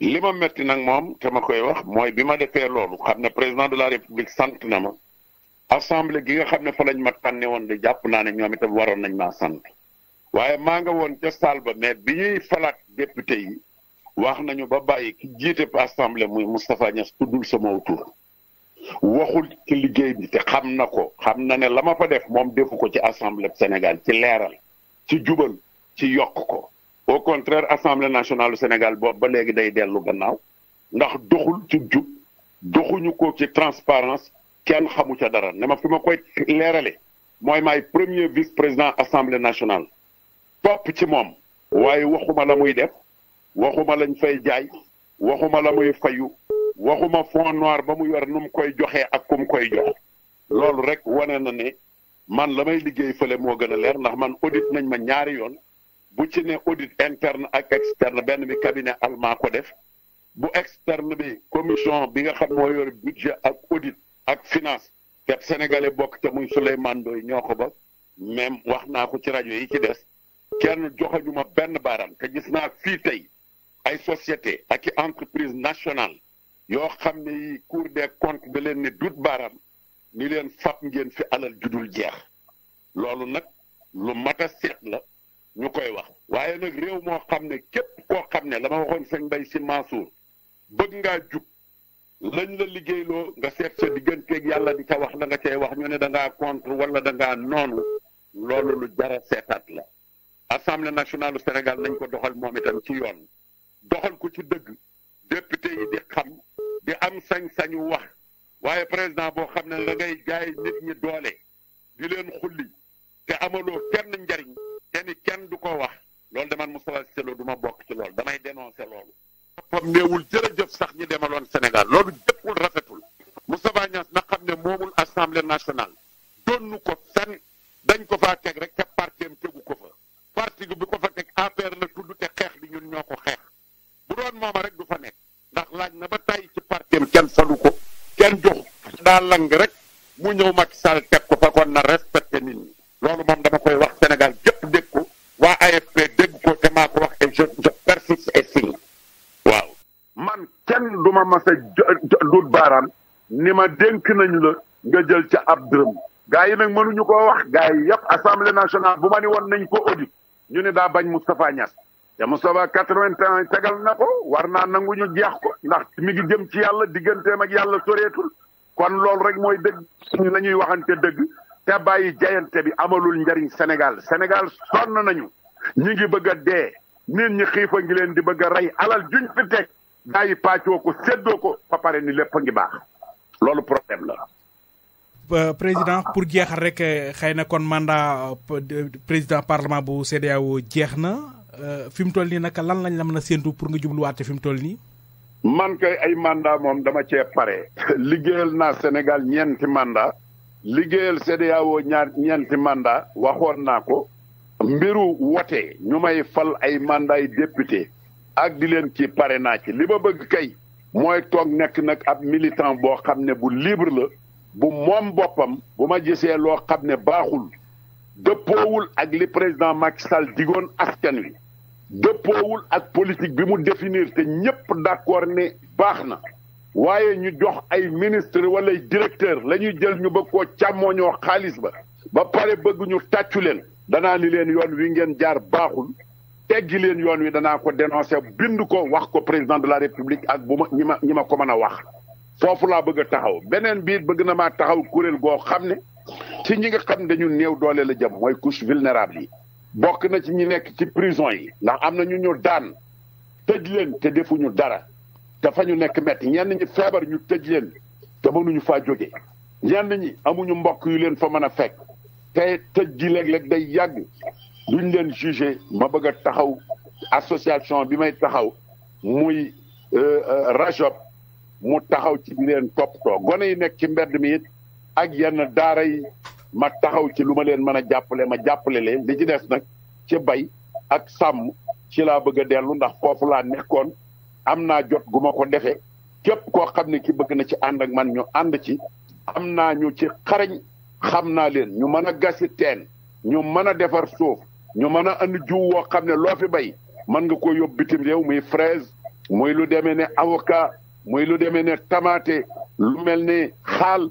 li ma metti nag moom te ma koy wax mooy bi ma defee loolu xam ne président de la république sant na ma assemblée gi nga xam ne fa lañ ma tànne woon di jàpp naa ne ñoom itam waroon nañ maa sant waaye maa nga woon ca salle ba mais bi ñuy falaat député yi wax nañu ba bàyyi ki jiite assemblée muy Moustapha Niass tuddul sama tur waxul ci liggéey bi te xam na ko xam na ne la ma fa def moom defu ko ci assemblée Sénégal ci leeral ci jubal ci yokk au contraire assemblée nationale du Sénégal boobu ba léegi day dellu gannaaw ndax doxul ci jub doxuñu ko ci transparence kenn xamu ca dara ne ma fi ma koy leerale mooy maay premier vice président assemblée nationale pop ci moom waaye waxuma la muy def waxuma lañ fay jaay waxuma la muy fayu waxuma fond noir ba mu yor nu mu koy joxee ak ku mu koy jox loolu rek wane na ne man la may liggéey fale moo gën a leer ndax man audit nañ ma ñaari yoon bu ci ne audit interne ak externe benn bi cabinet allemand ko def bu externe bi commission bi nga xam moo yor budget ak audit ak finance kat sénégalais bokk te muy Souleymane Ndoye ñoo ko ba même wax naa ko ci rajo yi ci des kenn joxoñu ma benn baaraam te gis naa fii tey ay société ak i entreprise nationale yoo xam ne yi Cour des comptes da leen ne dut baaraam ni leen fab ngeen fi alal judul jeex loolu nag lu mat a la ñu koy wax waaye nag réew moo xam ne képp koo xam ne la ma waxoon sëñ Mbaye Sy Mansour bëgg ngaa jub lañ la liggéeyloo nga seet sa digganteeg yàlla di ca wax la nga cay wax ñu ne da ngaa contre wala da ngaa noonu loolu lu jara seetaat la assemblée nationale du Sénégal nañ ko doxal moom itam ci yoon doxal ko ci dëgg député yi di xam di am sañ-sañu wax waaye président boo xam ne da ngay jaay nit ñi doole di leen xulli te amaloo kenn njariñ loolu de man Moustapha Cissé Lo du ma bokk ci loolu damay dénoncer loolu. comme néewul jërëjëf sax ñi demaloon Sénégal loolu jëppul rafetul Moustapha Niass na xam ne moomul assemblée nationale donnu ko fenn dañ ko faa teg rek ca parti am tegu ko fa parti bi ko fa teg APR la tudd te xeex li ñun ñoo ko xeex bu doon mooma rek du fa nekk ndax laaj na ba tàyyi ci parti am kenn falu ko kenn jox daa lang rek mu ñëw Macky Sall teg waaw man kenn du ma mas a dut baaraam ni ma dénk nañu la nga jël ca ab dërëm gaa yi nag mënuñu ko wax gaa yi yëpp assemblée nationale bu ma ni woon nañ ko audit ñu ne daa bañ Moustapha Niass te Moustapha quatre-vingt ans tegal na ko war naa nangu ñu jeex ko ndax mi ngi jëm ci yàlla digganteem ak yàlla soreetul kon loolu rek mooy dëgg nañuy la ñuy waxante dëgg te bàyyi jayante bi amalul njariñ Sénégal Sénégal sonn nañu ñu ngi bëgg a dee nit ñi xiifa ngi leen di bëgg rey alal juñ fi teg gaa yi pàccoo ko séddoo ko fa pare ni lépp ngi baax loolu problème la. Euh, président pour jeexal rek euh, xëy na kon mandat euh, président parlement bu CEDEAO jeex na fi mu toll nii naka lan lañ la mën a séentu pour nga jubluwaate fi mu toll nii. man kay ay mandat moom dama ceeb pare. liggéeyal naa Sénégal ñeenti mandat liggéeyal CEDEAO ñaar ñeenti mandat waxoon naa ko mbiru wote ñu may fal ay mandat yi ak di leen ci pare naa parrainage li ma bëgg kay mooy toog nekk nag ab militant boo xam ne bu libre la bu moom boppam bu ma gisee loo xam ne baaxul dëppoowul ak li président Macky Sall digoon askan wi dëppoowul ak politique bi mu définir te ñépp d'accord ne baax na waaye ñu jox ay ministre wala directeur la ñuy jël ñu bëgg koo càmmooñoo xaalis ba ba pare bëgg tàccu leen danaa ni leen yoon wi ngeen jaar baaxul teggi leen yoon wi danaa ko dénoncer bind ko wax ko président de la république ak bu ma ñi ma ñi ma ko mën a wax foofu laa bëgg a taxaw beneen biir bëgg na maa taxaw kuréel goo xam ne ci ñi nga xam ne dañu néew doole la jëm mooy couche vulnérable yi bokk na ci ñi nekk ci prison yi ndax am na ñu ñu daan tëj leen te defuñu dara dafa ñu nekk metti ñenn ñi feebar ñu tëj leen te mënuñu faa jóge ñenn ñi amuñu mbokk yu leen fa mën a fekk te tëj gi léeg-léeg day yàgg duñ leen jugé ma bëgg a taxaw association bi may taxaw muy euh, euh, rajop mu taxaw ci leen toppatoo gone yi nekk ci mbedd mi it ak yenn daara yi ma taxaw ci lu ma leen mën a jàppale ma jàppale leen li ci des nag ci bay ak sàmm ci laa bëgg a dellu ndax foofu laa nekkoon am naa jot gu ma ko defee képp koo xam ne ki bëgg na ci ànd ak man ñu ànd ci am naa ñu ci xarañ xam naa leen ñu mën a gasi teen ñu mën a defar suuf ñu mën a andi jiw woo xam ne loo fi bay mën nga ko yóbbu bitim réew muy fraise muy lu demee ne avocat muy lu demee ne tamaate lu mel ni xaal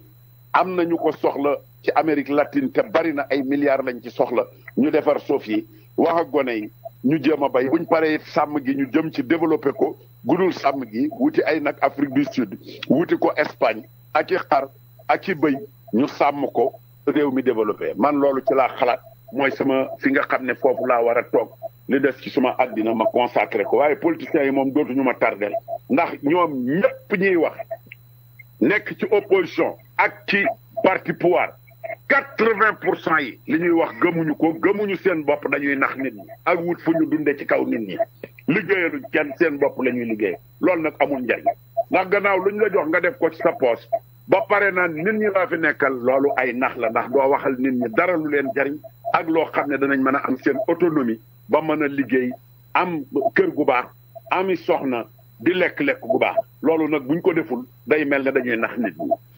am na ñu ko soxla ci Amérique latine te bari na ay milliards lañ ci soxla ñu defar suuf yi wax ak yi ñu jéem a bay buñ paree sàmm gi ñu jëm ci développé ko gudul sàmm gi wuti ay nag Afrique bi Sud wuti ko Espagne ak i xar ak i bëy ñu sàmm ko réew mi développé man loolu ci laa xalaat mooy sama fi nga xam ne foofu laa war a toog li des ci suma dina ma consacré ko waaye politiciens yi moom dootuñu ma tardel ndax ñoom ñëpp ñuy wax nekk ci opposition ak ci parti pouvoir quatre-vingt pour cent yi li ñuy wax gëmuñu ko gëmuñu seen bopp dañuy nax nit ñi ak wut fu ñu dunde ci kaw nit ñi liggéeyaluñ kenn seen bopp la ñuy liggéey loolu nag amul njariñ ndax gannaaw lu ñu la jox nga def ko ci sa poos ba pare na nit ñi laa fi nekkal loolu ay nax la ndax doo waxal nit ñi dara lu leen jariñ ak loo xam ne danañ mën a am seen autonomie ba mën a liggéey am kër gu baax ami soxna di lekk-lekk gu baax loolu nag buñ ko deful day mel ne dañuy nax nit ñi